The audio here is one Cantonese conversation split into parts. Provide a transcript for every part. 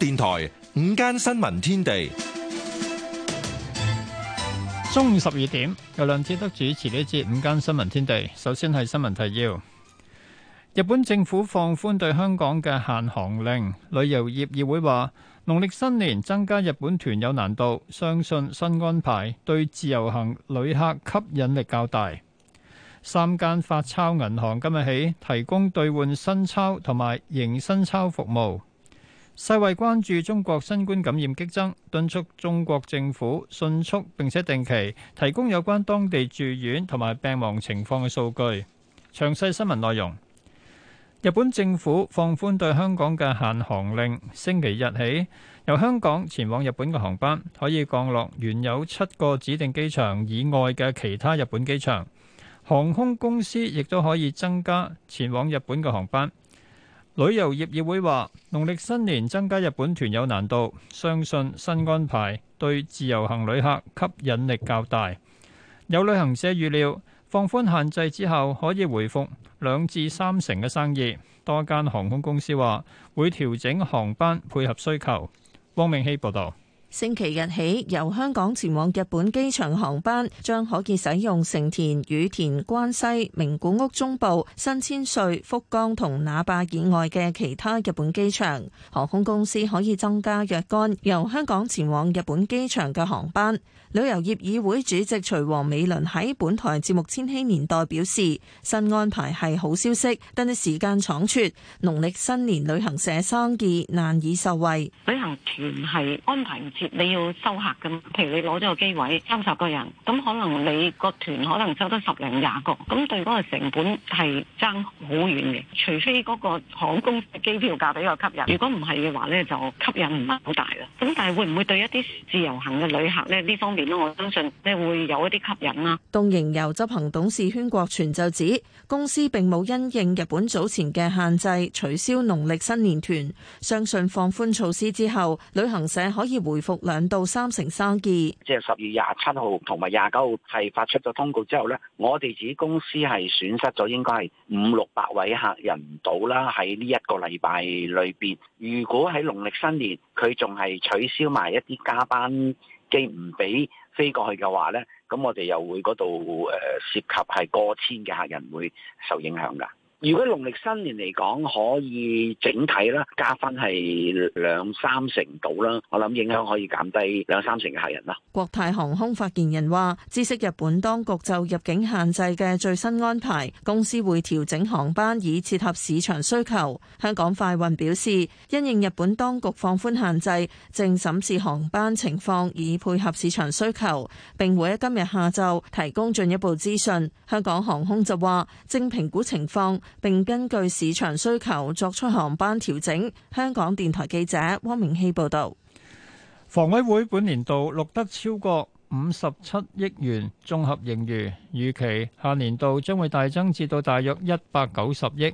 電台午間新聞天地，中午十二點由梁志德主持呢節午間新聞天地。首先係新聞提要：日本政府放寬對香港嘅限航令，旅遊業議會話農曆新年增加日本團有難度，相信新安排對自由行旅客吸引力較大。三間發鈔銀行今日起提供兌換新鈔同埋迎新鈔服務。世衛關注中國新冠感染激增，敦促中國政府迅速並且定期提供有關當地住院同埋病亡情況嘅數據。詳細新聞內容：日本政府放寬對香港嘅限航令，星期日起由香港前往日本嘅航班可以降落原有七個指定機場以外嘅其他日本機場，航空公司亦都可以增加前往日本嘅航班。旅遊業議會話：農曆新年增加日本團有難度，相信新安排對自由行旅客吸引力較大。有旅行社預料，放寬限制之後可以回覆兩至三成嘅生意。多間航空公司話會調整航班配合需求。汪明熙報導。星期日起，由香港前往日本機場航班將可以使用成田、羽田、關西、名古屋中部、新千歲、福岡同那霸以外嘅其他日本機場。航空公司可以增加若干由香港前往日本機場嘅航班。旅遊業議會主席徐王美倫喺本台節目《千禧年代》表示，新安排係好消息，但係時間倉促，農曆新年旅行社生意難以受惠。旅行團係安排你要收客嘅，譬如你攞咗個機位，三十個人，咁可能你個團可能收得十零廿個，咁對嗰個成本係爭好遠嘅。除非嗰個航空機票價比較吸引，如果唔係嘅話咧，就吸引唔係好大啦。咁但係會唔會對一啲自由行嘅旅客咧，呢方面咧，我相信咧會有一啲吸引啊。東瀛遊執行董事禤國全就指，公司並冇因應日本早前嘅限制取消農曆新年團，相信放寬措施之後旅行社可以回復兩到三成生意，即係十月廿七號同埋廿九號係發出咗通告之後咧，我哋自己公司係損失咗應該係五六百位客人到啦。喺呢一個禮拜裏邊，如果喺農曆新年佢仲係取消埋一啲加班機，唔俾飛過去嘅話咧，咁我哋又會嗰度誒涉及係過千嘅客人會受影響噶。如果農曆新年嚟講可以整體啦，加分係兩三成度啦，我諗影響可以減低兩三成嘅客人啦。國泰航空發言人話知悉日本當局就入境限制嘅最新安排，公司會調整航班以切合市場需求。香港快運表示，因應日本當局放寬限制，正審視航班情況以配合市場需求，並會喺今日下晝提供進一步資訊，香港航空就話正評估情況。並根據市場需求作出航班調整。香港電台記者汪明熙報道。房委會本年度錄得超過五十七億元綜合盈餘，預期下年度將會大增至到大約一百九十億，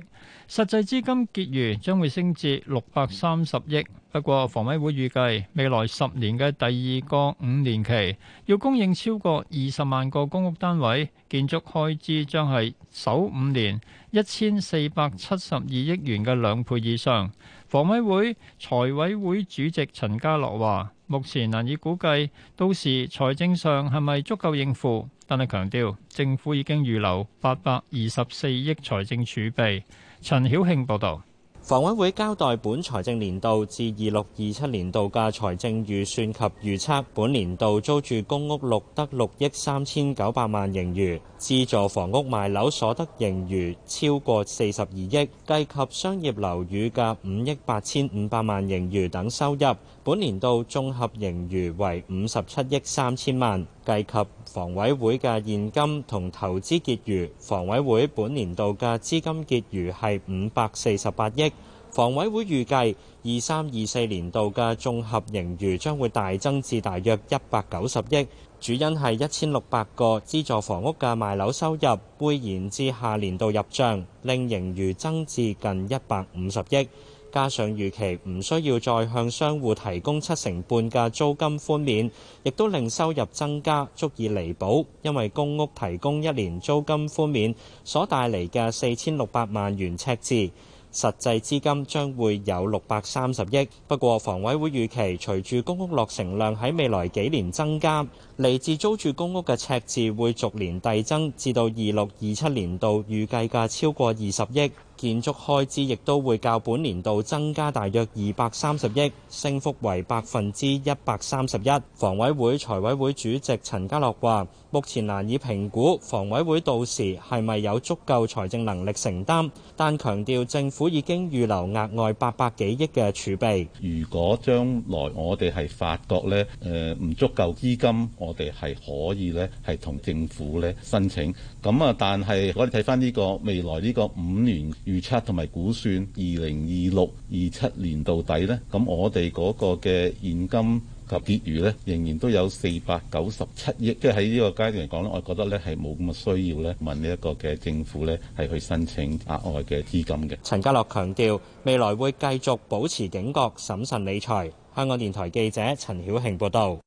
實際資金結餘將會升至六百三十億。不過，房委會預計未來十年嘅第二個五年期要供應超過二十萬個公屋單位，建築開支將係首五年一千四百七十二億元嘅兩倍以上，房委會財委會主席陳家樂話：目前難以估計到時財政上係咪足夠應付，但係強調政府已經預留八百二十四億財政儲備。陳曉慶報導。房委會交代本財政年度至二六二七年度嘅財政預算及預測，本年度租住公屋錄得六億三千九百萬盈餘，資助房屋賣樓所得盈餘超過四十二億，計及商業樓宇嘅五億八千五百萬盈餘等收入，本年度綜合盈餘為五十七億三千萬，計及房委會嘅現金同投資結餘，房委會本年度嘅資金結餘係五百四十八億。房委會預計二三二四年度嘅綜合盈餘將會大增至大約一百九十億，主因係一千六百個資助房屋嘅賣樓收入會延至下年度入帳，令盈餘增至近一百五十億。加上預期唔需要再向商戶提供七成半嘅租金寬免，亦都令收入增加，足以彌補，因為公屋提供一年租金寬免所帶嚟嘅四千六百萬元赤字。實際資金將會有六百三十億，不過房委會預期，隨住公屋落成量喺未來幾年增加，嚟自租住公屋嘅赤字會逐年遞增，至到二六、二七年度預計價超過二十億。建築開支亦都會較本年度增加大約二百三十億，升幅為百分之一百三十一。房委會財委會主席陳家樂話，目前難以評估房委會到時係咪有足夠財政能力承擔，但強調政府已經預留額外八百幾億嘅儲備。如果將來我哋係發覺咧，誒唔足夠資金，我哋係可以咧係同政府咧申請。咁啊，但係我哋睇返呢個未來呢個五年。預測同埋估算，二零二六、二七年到底呢？咁我哋嗰個嘅現金及結餘呢，仍然都有四百九十七億，即係喺呢個階段嚟講呢，我覺得呢，係冇咁嘅需要呢問呢一個嘅政府呢，係去申請額外嘅資金嘅。陳家洛強調，未來會繼續保持警覺、審慎理財。香港電台記者陳曉慶報道。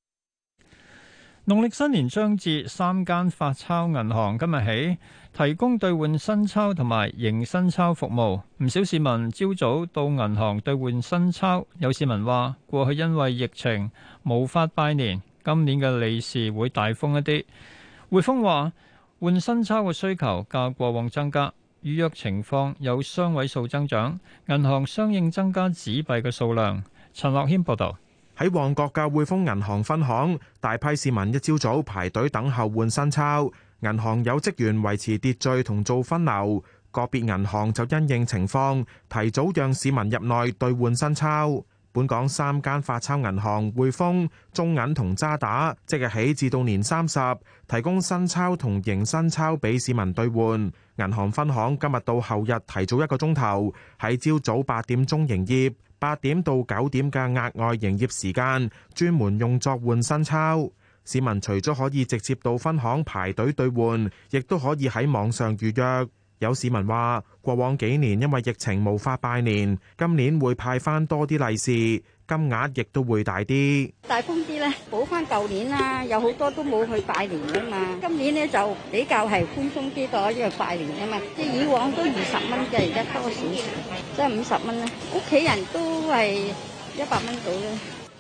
農曆新年將至，三間發鈔銀行今日起提供兌換新鈔同埋迎新鈔服務。唔少市民朝早到銀行兌換新鈔。有市民話：過去因為疫情無法拜年，今年嘅利是會大封一啲。匯豐話換新鈔嘅需求較過往增加，預約情況有雙位數增長，銀行相應增加紙幣嘅數量。陳樂軒報導。喺旺角嘅匯豐銀行分行，大批市民一朝早排隊等候換新鈔。銀行有職員維持秩序同做分流，個別銀行就因應情況提早讓市民入內兌換新鈔。本港三間發鈔銀行匯豐、中銀同渣打，即日起至到年三十提供新鈔同迎新鈔俾市民兌換。銀行分行今日到後日提早一個鐘頭喺朝早八點鐘營業。八點到九點嘅額外營業時間，專門用作換新鈔。市民除咗可以直接到分行排隊兌換，亦都可以喺網上預約。有市民話，過往幾年因為疫情無法拜年，今年會派返多啲利是。金額亦都會大啲，大風啲咧，補翻舊年啦，有好多都冇去拜年啊嘛，今年咧就比較係寬鬆啲多，因為拜年啊嘛，即係以往都二十蚊嘅，而家多少少即係五十蚊咧，屋企人都係一百蚊到咧。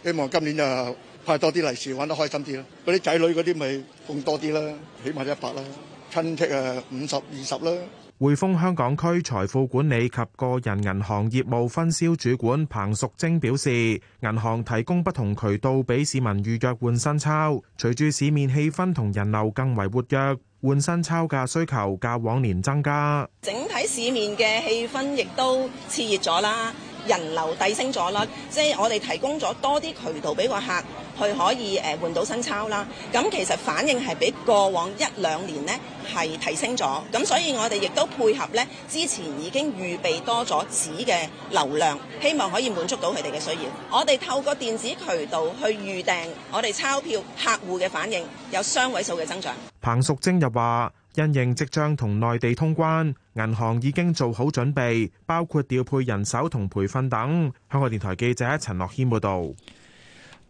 希望今年就派多啲利是，玩得開心啲囉。嗰啲仔女嗰啲咪送多啲啦，起碼一百啦，親戚啊五十二十啦。匯豐香港區財富管理及個人銀行業務分銷主管彭淑貞表示，銀行提供不同渠道俾市民預約換新鈔，隨住市面氣氛同人流更為活躍，換新鈔嘅需求較往年增加，整體市面嘅氣氛亦都熾熱咗啦。人流遞升咗啦，即係我哋提供咗多啲渠道俾個客去可以誒換到新鈔啦。咁其實反應係比過往一兩年咧係提升咗。咁所以我哋亦都配合咧，之前已經預備多咗紙嘅流量，希望可以滿足到佢哋嘅需要。我哋透過電子渠道去預訂我哋鈔票，客戶嘅反應有雙位數嘅增長，彭淑貞又話。因應即將同內地通關，銀行已經做好準備，包括調配人手同培訓等。香港電台記者陳諾謙報導。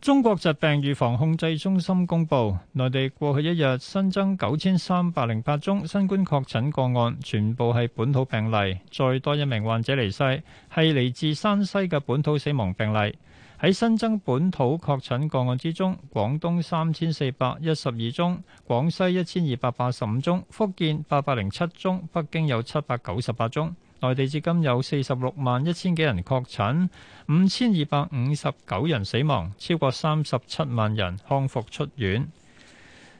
中國疾病預防控制中心公佈，內地過去一日新增九千三百零八宗新冠確診個案，全部係本土病例。再多一名患者離世，係嚟自山西嘅本土死亡病例。喺新增本土確診個案之中，廣東三千四百一十二宗，廣西一千二百八十五宗，福建八百零七宗，北京有七百九十八宗，內地至今有四十六萬一千幾人確診，五千二百五十九人死亡，超過三十七萬人康復出院。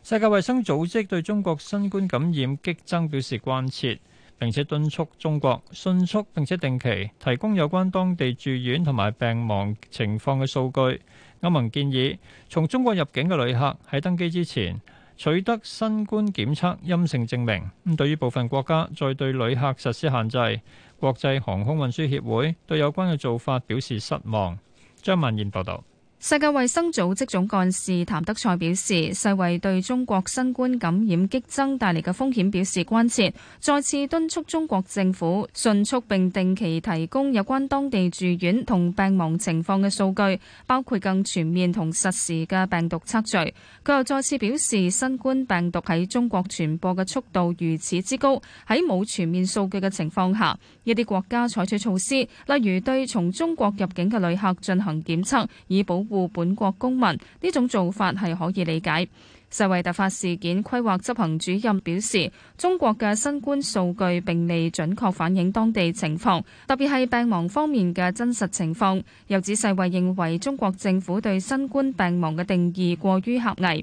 世界衛生組織對中國新冠感染激增表示關切。並且敦促中國迅速並且定期提供有關當地住院同埋病亡情況嘅數據。歐盟建議從中國入境嘅旅客喺登機之前取得新冠檢測陰性證明。咁對於部分國家再對旅客實施限制，國際航空運輸協會對有關嘅做法表示失望。張文賢報道。世界衛生組織總幹事譚德塞表示，世衛對中國新冠感染激增帶嚟嘅風險表示關切，再次敦促中國政府迅速並定期提供有關當地住院同病亡情況嘅數據，包括更全面同實時嘅病毒測序。佢又再次表示，新冠病毒喺中國傳播嘅速度如此之高，喺冇全面數據嘅情況下，一啲國家採取措施，例如對從中國入境嘅旅客進行檢測，以保護本國公民呢種做法係可以理解。世衛突發事件規劃執行主任表示，中國嘅新冠數據並未準確反映當地情況，特別係病亡方面嘅真實情況。又指世衛認為中國政府對新冠病亡嘅定義過於狹隘。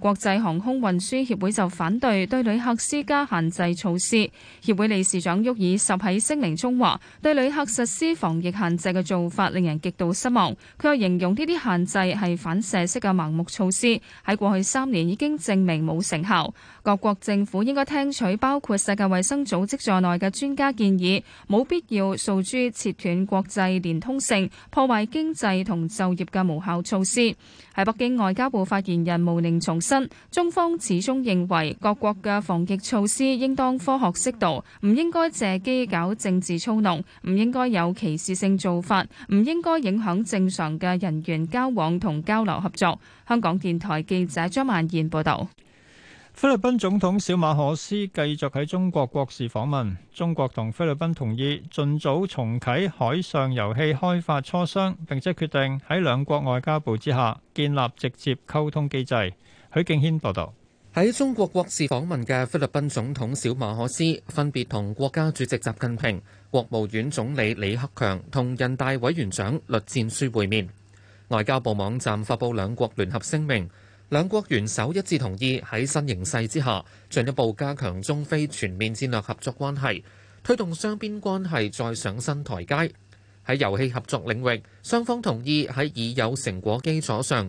國際航空運輸協會就反對對旅客施加限制措施。協會理事長沃爾什喺聲明中話：對旅客實施防疫限制嘅做法令人極度失望。佢又形容呢啲限制係反射式嘅盲目措施，喺過去三年已經證明冇成效。各國政府應該聽取包括世界衛生組織在內嘅專家建議，冇必要訴諸切斷國際連通性、破壞經濟同就業嘅無效措施。喺北京外交部發言人毛寧重。中方始終認為，各國嘅防疫措施應當科學適度，唔應該借機搞政治操弄，唔應該有歧視性做法，唔應該影響正常嘅人員交往同交流合作。香港電台記者張曼燕報道。菲律賓總統小馬可斯繼續喺中國國事訪問，中國同菲律賓同意盡早重啟海上油氣開發磋商，並且決定喺兩國外交部之下建立直接溝通機制。許敬軒報道，喺中國國事訪問嘅菲律賓總統小馬可斯，分別同國家主席習近平、國務院總理李克強同人大委員長栗戰書會面。外交部網站發佈兩國聯合聲明，兩國元首一致同意喺新形勢之下，進一步加強中菲全面戰略合作關係，推動雙邊關係再上新台階。喺油氣合作領域，雙方同意喺已有成果基礎上，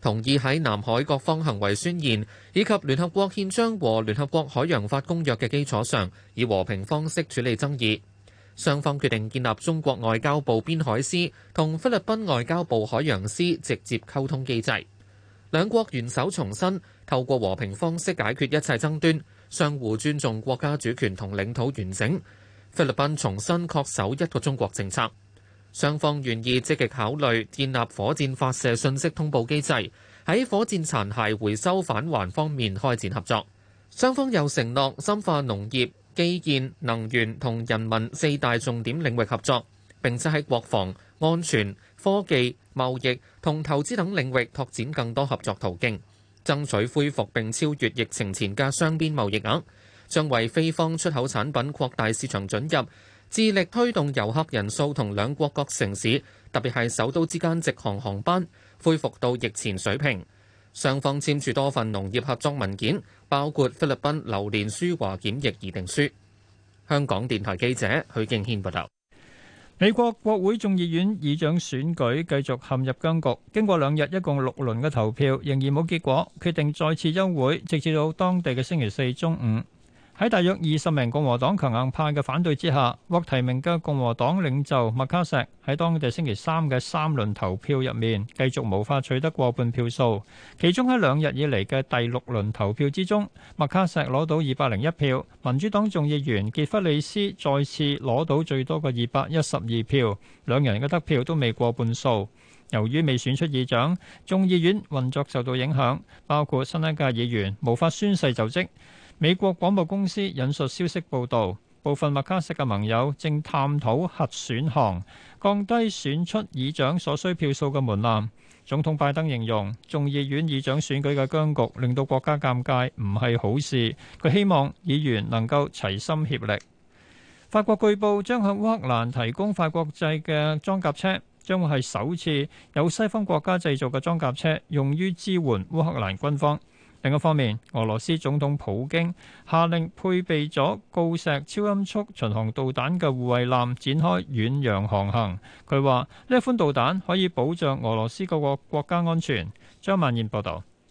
同意喺南海各方行為宣言以及聯合國憲章和聯合國海洋法公約嘅基礎上，以和平方式處理爭議。雙方決定建立中國外交部邊海司同菲律賓外交部海洋司直接溝通機制。兩國元首重申透過和平方式解決一切爭端，相互尊重國家主權同領土完整。菲律賓重申恪守一個中國政策。雙方願意積極考慮建立火箭發射信息通報機制，喺火箭殘骸回收返還方面開展合作。雙方又承諾深化農業、基建、能源同人民四大重點領域合作，並且喺國防、安全、科技、貿易同投資等領域拓展更多合作途徑，爭取恢復並超越疫情前嘅雙邊貿易額，將為菲方出口產品擴大市場准入。致力推動遊客人數同兩國各城市，特別係首都之間直航航班恢復到疫前水平。雙方簽署多份農業合作文件，包括菲律賓榴蓮輸華檢疫議定書。香港電台記者許敬軒報道。美國國會眾議院議長選舉繼續陷入僵局，經過兩日一共六輪嘅投票，仍然冇結果，決定再次休會，直至到當地嘅星期四中午。喺大約二十名共和黨強硬派嘅反對之下，獲提名嘅共和黨領袖麥卡錫喺當地星期三嘅三輪投票入面，繼續無法取得過半票數。其中喺兩日以嚟嘅第六輪投票之中，麥卡錫攞到二百零一票，民主黨眾議員傑弗里斯再次攞到最多嘅二百一十二票，兩人嘅得票都未過半數。由於未選出議長，眾議院運作受到影響，包括新一屆議員無法宣誓就職。美國廣播公司引述消息報導，部分麥卡錫嘅盟友正探討核選項，降低選出議長所需票數嘅門檻。總統拜登形容眾議院議長選舉嘅僵局令到國家尷尬，唔係好事。佢希望議員能夠齊心協力。法國據報將向烏克蘭提供法國製嘅裝甲車，將會係首次有西方國家製造嘅裝甲車用於支援烏克蘭軍方。另一方面，俄羅斯總統普京下令配備咗鋯石超音速巡航導彈嘅護衛艦展開遠洋航行。佢話：呢一款導彈可以保障俄羅斯各個國家安全。張曼燕報導。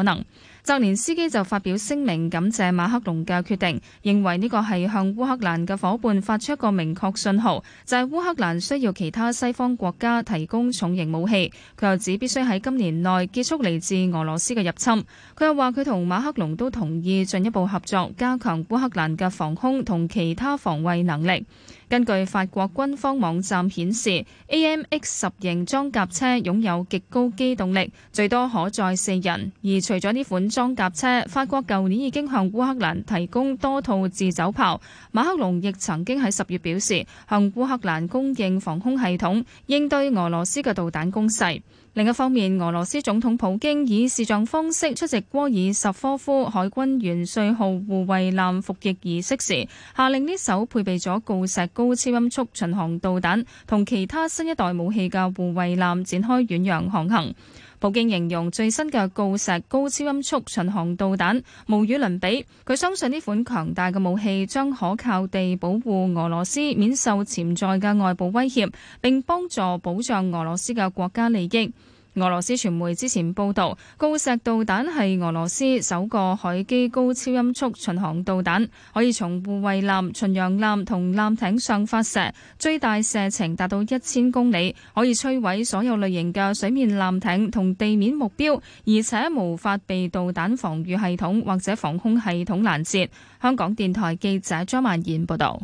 可能，澤連斯基就發表聲明，感謝馬克龍嘅決定，認為呢個係向烏克蘭嘅夥伴發出一個明確信號，就係、是、烏克蘭需要其他西方國家提供重型武器。佢又指必須喺今年內結束嚟自俄羅斯嘅入侵。佢又話佢同馬克龍都同意進一步合作，加強烏克蘭嘅防空同其他防衛能力。根據法國軍方網站顯示，AMX 十型裝甲車擁有極高機動力，最多可載四人。而除咗呢款裝甲車，法國舊年已經向烏克蘭提供多套自走炮。馬克龍亦曾經喺十月表示，向烏克蘭供應防空系統，應對俄羅斯嘅導彈攻勢。另一方面，俄羅斯總統普京以視像方式出席戈爾什科夫海軍元帥號護衛艦服役儀式時，下令呢艘配備咗鋯石高超音速巡航導彈同其他新一代武器嘅護衛艦展開遠洋航行。普京形容最新嘅鋯石高超音速巡航導彈無與倫比，佢相信呢款強大嘅武器將可靠地保護俄羅斯免受潛在嘅外部威脅，並幫助保障俄羅斯嘅國家利益。俄羅斯傳媒之前報導，鋯石導彈係俄羅斯首個海基高超音速巡航導彈，可以從護衛艦、巡洋艦同艦艇上發射，最大射程達到一千公里，可以摧毀所有類型嘅水面艦艇同地面目標，而且無法被導彈防禦系統或者防空系統攔截。香港電台記者張曼燕報導，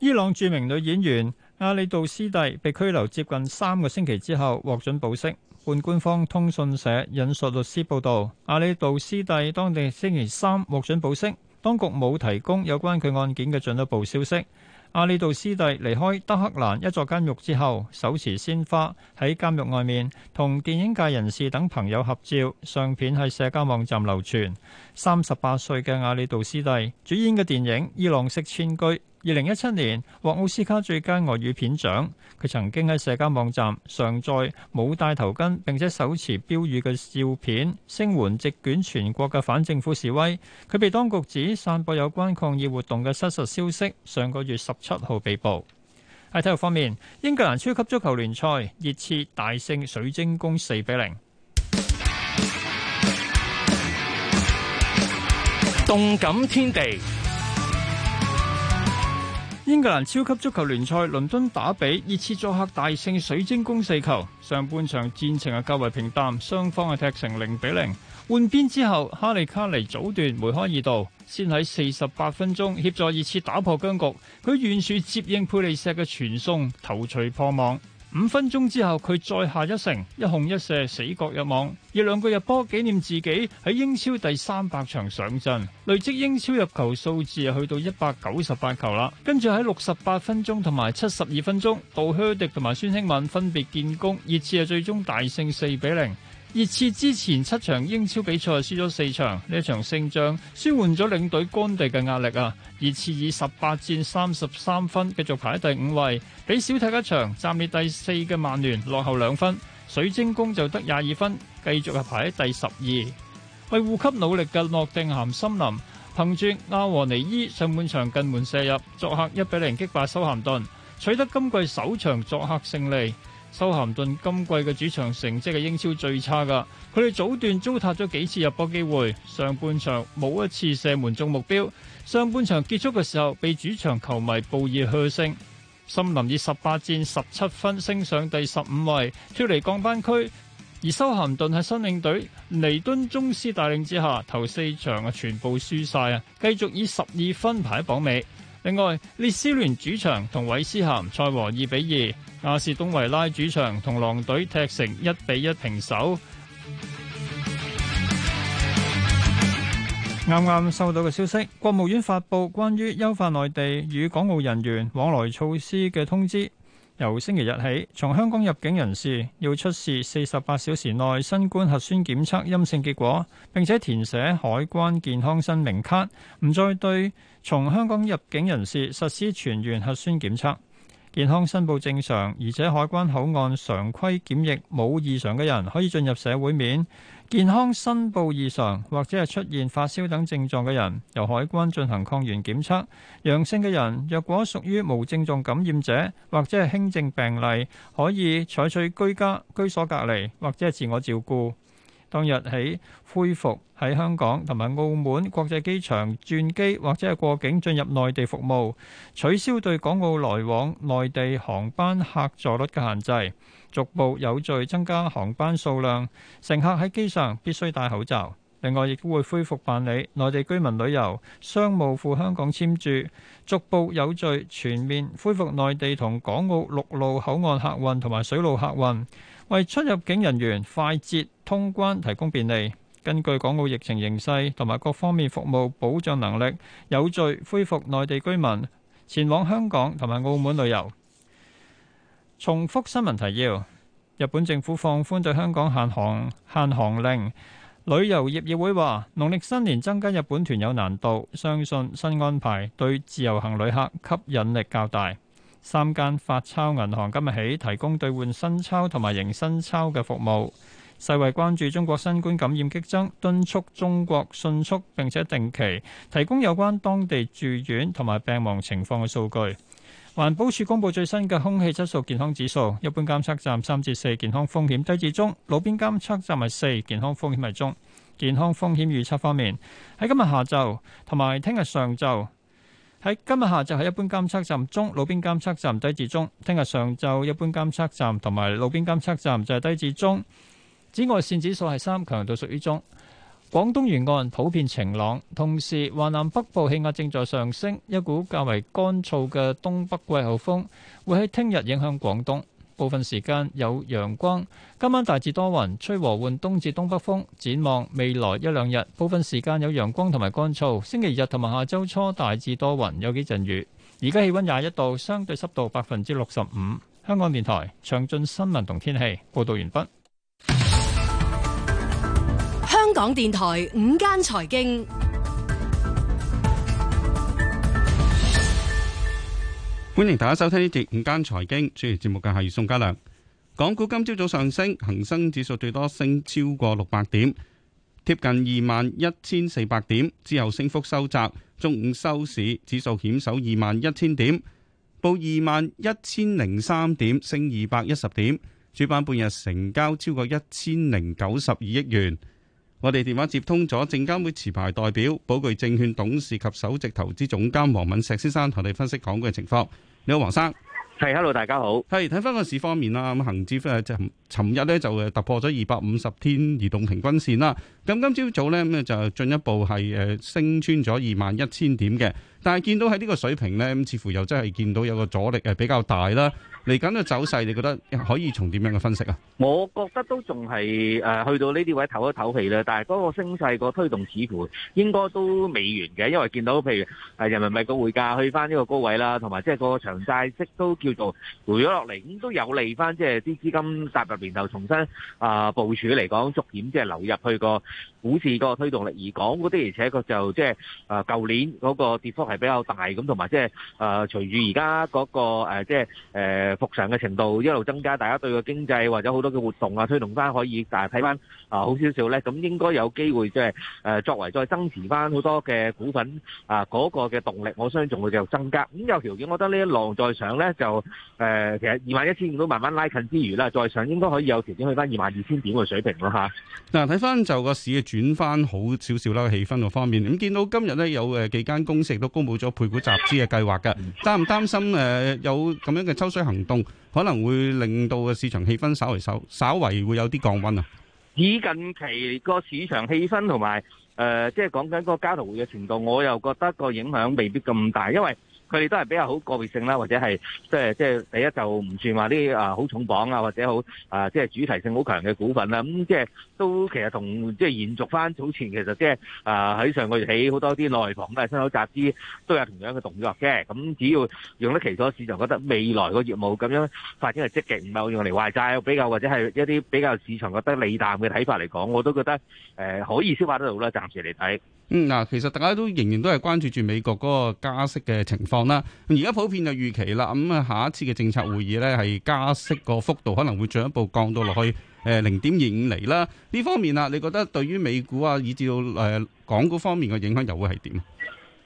伊朗著名女演員阿里杜斯蒂被拘留接近三個星期之後獲准保釋。半官方通訊社引述律師報道，阿里杜斯蒂當地星期三獲准保釋，當局冇提供有關佢案件嘅進一步消息。阿里杜斯蒂離開德黑蘭一座監獄之後，手持鮮花喺監獄外面同電影界人士等朋友合照，相片喺社交網站流傳。三十八歲嘅阿里杜斯蒂主演嘅電影《伊朗式遷居》。二零一七年獲奧斯卡最佳外語片獎。佢曾經喺社交網站上載冇戴頭巾並且手持標語嘅照片，聲援席捲全國嘅反政府示威。佢被當局指散播有關抗議活動嘅失實消息，上個月十七號被捕。喺體育方面，英格蘭超級足球聯賽熱刺大勝水晶宮四比零。動感天地。英格蘭超級足球聯賽倫敦打比熱刺作客大勝水晶宮四球。上半場戰情啊較為平淡，雙方啊踢成零比零。換邊之後，哈利卡尼早段梅開二度，先喺四十八分鐘協助熱刺打破僵局。佢遠處接應佩利石嘅傳送，頭錘破網。五分鐘之後，佢再下一城，一紅一射，死角入網，以兩個入波紀念自己喺英超第三百場上陣，累積英超入球數字去到一百九十八球啦。跟住喺六十八分鐘同埋七十二分鐘，杜靴迪同埋孫興慜分別建功，熱刺啊，最終大勝四比零。熱刺之前七場英超比賽輸咗四場，呢一場勝仗舒緩咗領隊干地嘅壓力啊！熱刺以十八戰三十三分繼續排喺第五位，比少踢一場，暫列第四嘅曼聯落後兩分。水晶宮就得廿二分，繼續係排喺第十二。為護級努力嘅諾定咸森林憑住阿和尼伊上半場近門射入，作客一比零擊敗修咸頓，取得今季首場作客勝利。修咸頓今季嘅主場成績係英超最差噶，佢哋早段糟蹋咗幾次入波機會，上半場冇一次射門中目標，上半場結束嘅時候被主場球迷報以噓聲。森林以十八戰十七分升上第十五位，脫離降班區，而修咸頓喺新領隊尼敦宗斯帶領之下，頭四場啊全部輸晒啊，繼續以十二分排榜尾。另外，列斯聯主場同韋斯咸賽和二比二；亞士東維拉主場同狼隊踢成一比一平手。啱啱收到嘅消息，國務院發布關於優化內地與港澳人員往來措施嘅通知。由星期日起，從香港入境人士要出示四十八小時內新冠核酸檢測陰性結果，並且填寫海關健康申明卡，唔再對從香港入境人士實施全員核酸檢測。健康申報正常，而且海關口岸常規檢疫冇異常嘅人，可以進入社會面。健康申報異常或者係出現發燒等症狀嘅人，由海關進行抗原檢測。陽性嘅人，若果屬於無症狀感染者，或者係輕症病例，可以採取居家、居所隔離，或者係自我照顧。當日起恢復喺香港同埋澳門國際機場轉機或者係過境進入內地服務，取消對港澳來往內地航班客座率嘅限制，逐步有序增加航班數量，乘客喺機上必須戴口罩。另外，亦都會恢復辦理內地居民旅遊、商務赴香港簽注，逐步有序全面恢復內地同港澳陸路口岸客運同埋水路客運。為出入境人員快捷通關提供便利，根據港澳疫情形勢同埋各方面服務保障能力，有序恢復內地居民前往香港同埋澳門旅遊。重複新聞提要：日本政府放寬對香港限航、限航令，旅遊業議會話農曆新年增加日本團有難度，相信新安排對自由行旅客吸引力較大。三間發鈔銀行今日起提供兌換新鈔同埋迎新鈔嘅服務。世衞關注中國新冠感染激增，敦促中國迅速並且定期提供有關當地住院同埋病亡情況嘅數據。環保署公布最新嘅空氣質素健康指數，一般監測站三至四，健康風險低至中；路邊監測站係四，健康風險係中。健康風險預測方面，喺今日下晝同埋聽日上晝。喺今日下晝係一般監測站中，路邊監測站低至中。聽日上晝一般監測站同埋路邊監測站就係低至中。紫外線指數係三，強度屬於中。廣東沿岸普遍晴朗，同時華南北部氣壓正在上升，一股較為乾燥嘅東北季候風會喺聽日影響廣東。部分時間有陽光，今晚大致多雲，吹和緩東至東北風。展望未來一兩日，部分時間有陽光同埋乾燥。星期日同埋下周初大致多雲，有幾陣雨。而家氣温廿一度，相對濕度百分之六十五。香港電台詳盡新聞同天氣報導完畢。香港電台午間財經。歡迎大家收聽呢節午間財經，主持節目嘅係宋家良。港股今朝早上升，恒生指數最多升超過六百點，貼近二萬一千四百點。之後升幅收窄，中午收市指數險守二萬一千點，報二萬一千零三點，升二百一十點。主板半日成交超過一千零九十二億元。我哋電話接通咗證監會持牌代表寶具證券董事及首席投資總監黃敏石先生同你分析港股嘅情況。你好，黃生，係，hello，是大家好。係睇翻個市方面啦，咁恒指喺尋日呢就突破咗二百五十天移動平均線啦。咁、嗯、今朝早呢，咁就進一步係誒升穿咗二萬一千點嘅，但係見到喺呢個水平呢，咁似乎又真係見到有個阻力係比較大啦。嚟緊嘅走勢，你覺得可以從點樣嘅分析啊？我覺得都仲係誒去到呢啲位唞一唞氣啦，但係嗰個升勢個推動似乎應該都未完嘅，因為見到譬如誒人民幣個匯價去翻呢個高位啦，同埋即係個長債息都叫做回咗落嚟，咁都有利翻即係啲資金踏入入邊頭重新啊部、呃、署嚟講，逐漸即係流入去個股市個推動力。而講嗰啲，而且佢就即係誒舊年嗰個跌幅係比較大咁，同埋即係誒隨住而家嗰個即係誒。呃就係復常嘅程度一路增加，大家對個經濟或者好多嘅活動啊，推動翻可以，誒睇翻啊好少少咧，咁應該有機會即係誒作為再增持翻好多嘅股份啊嗰個嘅動力，我相信仲會繼續增加。咁有條件，我覺得呢一浪再上咧，就誒其實二萬一千點都慢慢拉近之餘啦，再上應該可以有條件去翻二萬二千點嘅水平咯嚇。嗱，睇翻就個市轉翻好少少啦，氣氛個方面，咁見到今日咧有誒幾間公司都公佈咗配股集資嘅計劃㗎，擔唔擔心誒有咁樣嘅抽水行？凍可能會令到個市場氣氛稍為稍微稍為會有啲降溫啊，以近期個市場氣氛同埋誒，即係講緊嗰個交流會嘅程度，我又覺得個影響未必咁大，因為，佢哋都係比較好個別性啦，或者係即係即係第一就唔算話啲啊好重磅啊，或者好啊即係主題性好強嘅股份啦。咁、嗯、即係都其實同即係延續翻早前其實即係啊喺上個月起好多啲內房都係伸手集資，都有同樣嘅動作嘅。咁、嗯、只要用得其所，市場覺得未來個業務咁樣發展係積極，唔係可用嚟壞債比較或者係一啲比較市場覺得利淡嘅睇法嚟講，我都覺得誒可以消化得到啦，暫時嚟睇。嗯、呃、嗱，其實大家都仍然都係關注住美國嗰個加息嘅情況。講啦，而家普遍就預期啦，咁啊下一次嘅政策會議咧係加息個幅度可能會進一步降到落去，誒零點二五厘啦。呢方面啊，你覺得對於美股啊，以至到誒港股方面嘅影響又會係點？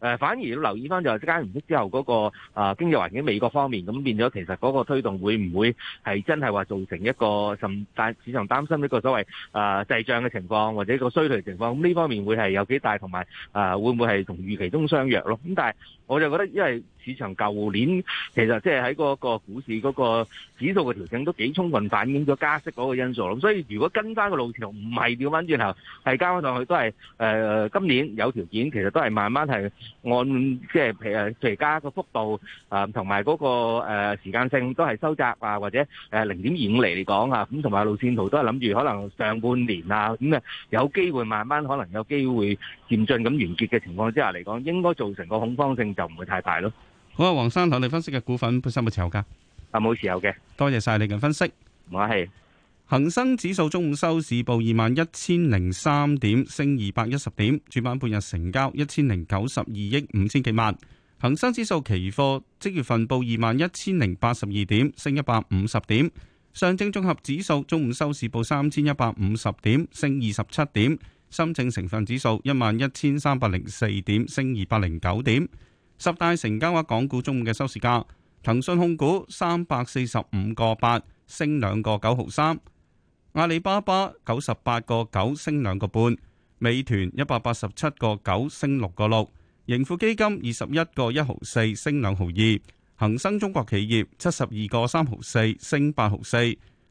誒，反而要留意翻就係間唔息之後嗰個啊經濟環境美國方面，咁變咗其實嗰個推動會唔會係真係話造成一個甚大市場擔心呢個所謂啊滯脹嘅情況，或者個衰退情況，咁呢方面會係有幾大，同埋啊會唔會係同預期中相若咯？咁但係。我就覺得，因為市場舊年其實即係喺嗰個股市嗰個指數嘅調整都幾充分反映咗加息嗰個因素，所以如果跟返個路線圖唔係掉翻轉頭，係加翻上去都係誒今年有條件，其實都係慢慢係按即係譬如譬如加個幅度啊，同埋嗰個誒時間性都係收窄啊，或者誒零點二五嚟講啊，咁同埋路線圖都係諗住可能上半年啊，咁啊有機會慢慢可能有機會漸進咁完結嘅情況之下嚟講，應該造成個恐慌性，就唔會太大咯。好啊，黃生，睇你分析嘅股份，本身冇持有噶？啊，冇持有嘅。多謝晒你嘅分析。唔客氣。恒生指數中午收市報二萬一千零三點，升二百一十點。主板半日成交一千零九十二億五千幾萬。恒生指數期貨即月份報二萬一千零八十二點，升一百五十點。上證綜合指數中午收市報三千一百五十點，升二十七點。深證成分指數一萬一千三百零四點，升二百零九點。十大成交額港股中午嘅收市價：騰訊控股三百四十五個八，升兩個九毫三；阿里巴巴九十八個九，升兩個半；美團一百八十七個九，升六個六；盈富基金二十一個一毫四，升兩毫二；恒生中國企業七十二個三毫四，升八毫四；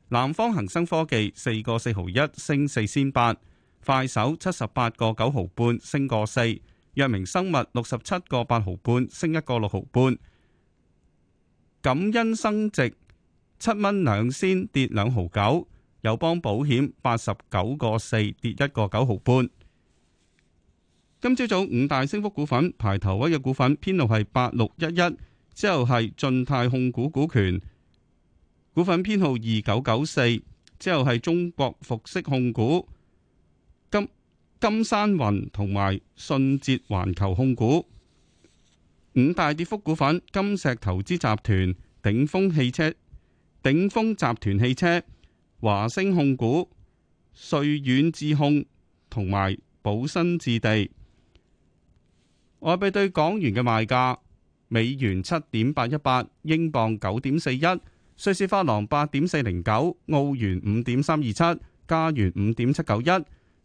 南方恒生科技四個四毫一，升四仙八；快手七十八個九毫半，升個四。藥明生物六十七個八毫半，升一個六毫半；錦欣生殖七蚊兩仙，跌兩毫九；友邦保險八十九個四，跌一個九毫半。今朝早五大升幅股份排頭位嘅股份編號係八六一一，之後係進泰控股股權股份編號二九九四，之後係中國服飾控股。金山雲同埋順捷環球控股。五大跌幅股份：金石投資集團、鼎峰汽車、鼎峰集團汽車、華星控股、瑞遠智控同埋寶新置地。外幣對港元嘅賣價：美元七點八一八，英鎊九點四一，瑞士法郎八點四零九，澳元五點三二七，加元五點七九一。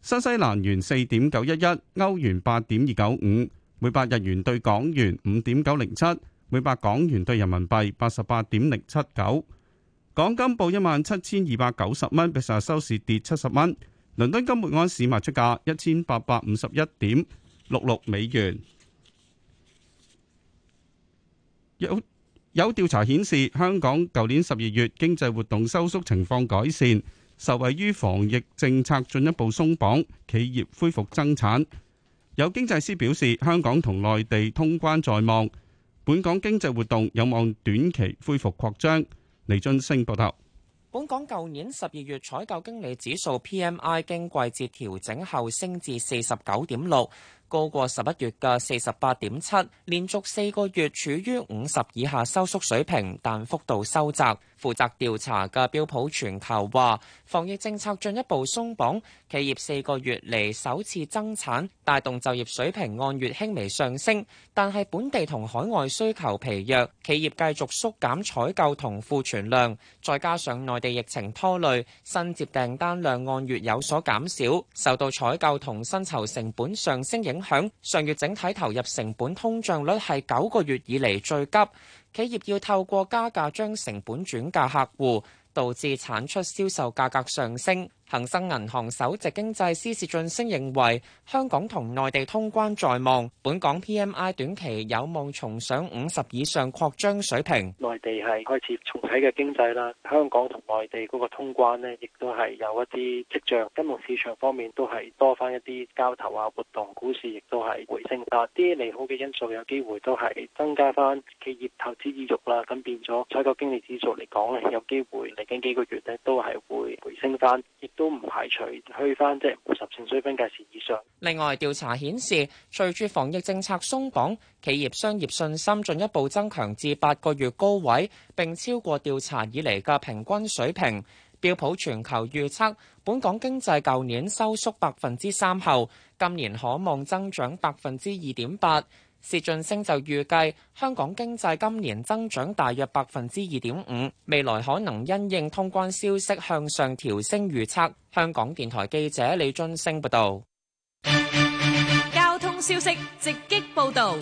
新西蘭元四點九一一，歐元八點二九五，每百日元兌港元五點九零七，每百港元兌人民幣八十八點零七九。港金報一萬七千二百九十蚊，比上日收市跌七十蚊。倫敦金每盎司賣出價一千八百五十一點六六美元。有有調查顯示，香港舊年十二月經濟活動收縮情況改善。受惠於防疫政策進一步鬆綁，企業恢復增產。有經濟師表示，香港同內地通關在望，本港經濟活動有望短期恢復擴張。李俊升報道，本港舊年十二月採購經理指數 PMI 經季節調整後升至四十九點六。高過十一月嘅四十八點七，連續四個月處於五十以下收縮水平，但幅度收窄。負責調查嘅標普全球話，防疫政策進一步鬆綁，企業四個月嚟首次增產，帶動就業水平按月輕微上升。但係本地同海外需求疲弱，企業繼續縮減採購同庫存量，再加上內地疫情拖累，新接訂單量按月有所減少。受到採購同薪酬成本上升影響，影響上月整體投入成本通脹率係九個月以嚟最急，企業要透過加價將成本轉嫁客戶，導致產出銷售價格上升。恒生銀行首席經濟師薛俊升認為，香港同內地通關在望，本港 P M I 短期有望重上五十以上擴張水平。內地係開始重啟嘅經濟啦，香港同內地嗰個通關呢，亦都係有一啲跡象。金融市場方面都係多翻一啲交投啊活動，股市亦都係回升。嗱，啲利好嘅因素有機會都係增加翻企業投資意欲啦，咁變咗採購經理指數嚟講咧，有機會嚟緊幾個月咧都係會回升翻。都唔排除去翻即係，五十線水平價錢以上。另外調查顯示，隨住防疫政策鬆綁，企業商業信心進一步增強至八個月高位，並超過調查以嚟嘅平均水平。標普全球預測，本港經濟舊年收縮百分之三後，今年可望增長百分之二點八。薛俊升就預計香港經濟今年增長大約百分之二點五，未來可能因應通關消息向上調升預測。香港電台記者李俊升報道。交通消息直擊報道。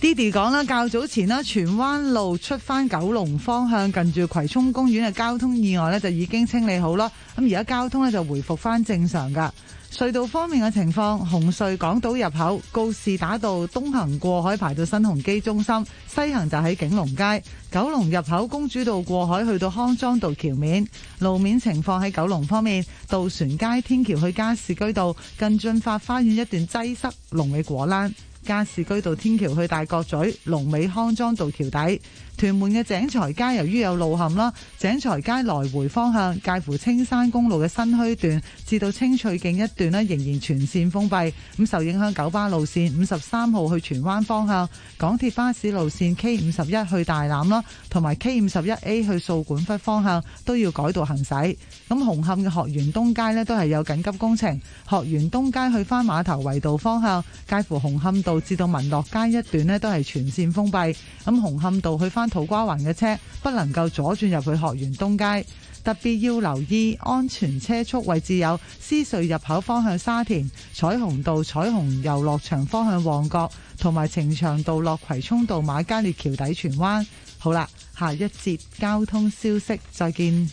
Didi 講啦，較早前啦，荃灣路出返九龍方向近住葵涌公園嘅交通意外呢就已經清理好啦，咁而家交通呢，就回復翻正常噶。隧道方面嘅情況，紅隧港島入口告士打道東行過海排到新鴻基中心，西行就喺景隆街；九龍入口公主道過海去到康莊道橋面，路面情況喺九龍方面，渡船街天橋去加士居道近駿發花園一段擠塞龍，龍尾果欄。加士居道天橋去大角咀，龍尾康莊道橋底、屯門嘅井財街，由於有路陷啦，井財街來回方向，介乎青山公路嘅新墟段至到青翠徑一段咧，仍然全綫封閉。咁受影響九巴路綫五十三號去荃灣方向，港鐵巴士路綫 K 五十一去大欖啦，同埋 K 五十一 A 去掃管笏方向都要改道行駛。咁紅磡嘅學園東街咧都係有緊急工程，學園東街去返碼頭圍道方向，介乎紅磡道至到民樂街一段咧都係全線封閉，咁紅磡道去返土瓜灣嘅車不能夠左轉入去鶴園東街。特別要留意安全車速位置有獅隧入口方向沙田彩虹道、彩虹遊樂場方向旺角同埋呈祥道、落葵涌道、馬加列橋底荃灣。好啦，下一節交通消息，再見。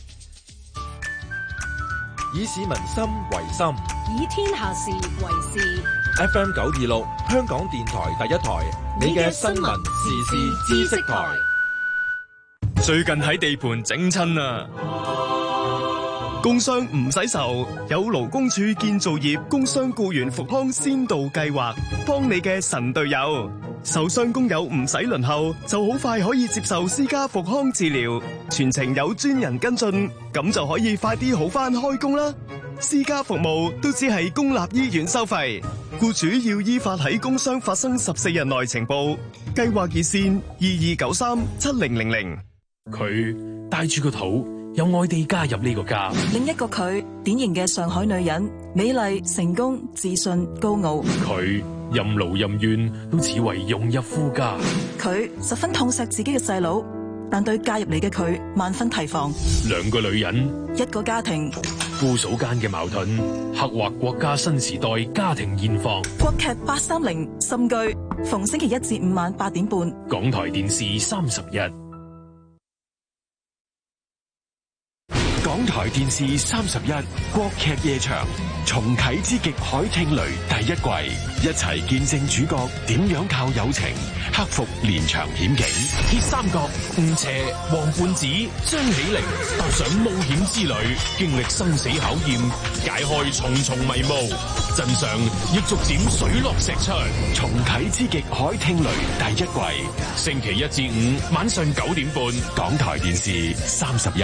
以市民心為心，以天下事為事。FM 九二六，香港電台第一台，你嘅新聞、時事自、知識自台。最近喺地盤整親啊，工傷唔使愁，有勞工處建造業工傷僱員復康先導計劃，幫你嘅神隊友。受傷工友唔使輪候，就好快可以接受私家復康治療，全程有專人跟進，咁就可以快啲好翻開工啦。私家服務都只係公立醫院收費，僱主要依法喺工傷發生十四日內呈報。計劃熱線二二九三七零零零。佢帶住個肚，由外地加入呢個家。另一個佢，典型嘅上海女人，美麗、成功、自信、高傲。佢。任勞任怨都只為融入夫家，佢十分痛錫自己嘅細佬，但對嫁入嚟嘅佢萬分提防。兩個女人，一個家庭，姑嫂間嘅矛盾，刻畫國家新時代家庭現況。國劇八三零深居，逢星期一至五晚八點半，港台電視三十日。港台電視三十一，國劇夜場重啟之極海聽雷第一季，一齊見證主角點樣靠友情克服連場險境。鐵三角吳邪、王胖子、張起靈踏上冒險之旅，經歷生死考驗，解開重重迷霧。真相亦逐漸水落石出。重啟之極海聽雷第一季，星期一至五晚上九點半，港台電視三十一。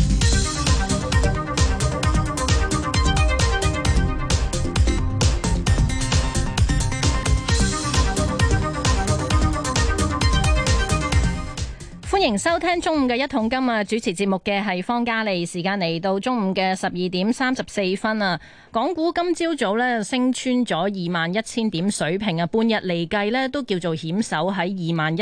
歡迎收聽中午嘅一桶金啊！主持節目嘅係方嘉利，時間嚟到中午嘅十二點三十四分啊！港股今朝早咧，升穿咗二萬一千點水平啊，半日嚟計咧，都叫做險守喺二萬一。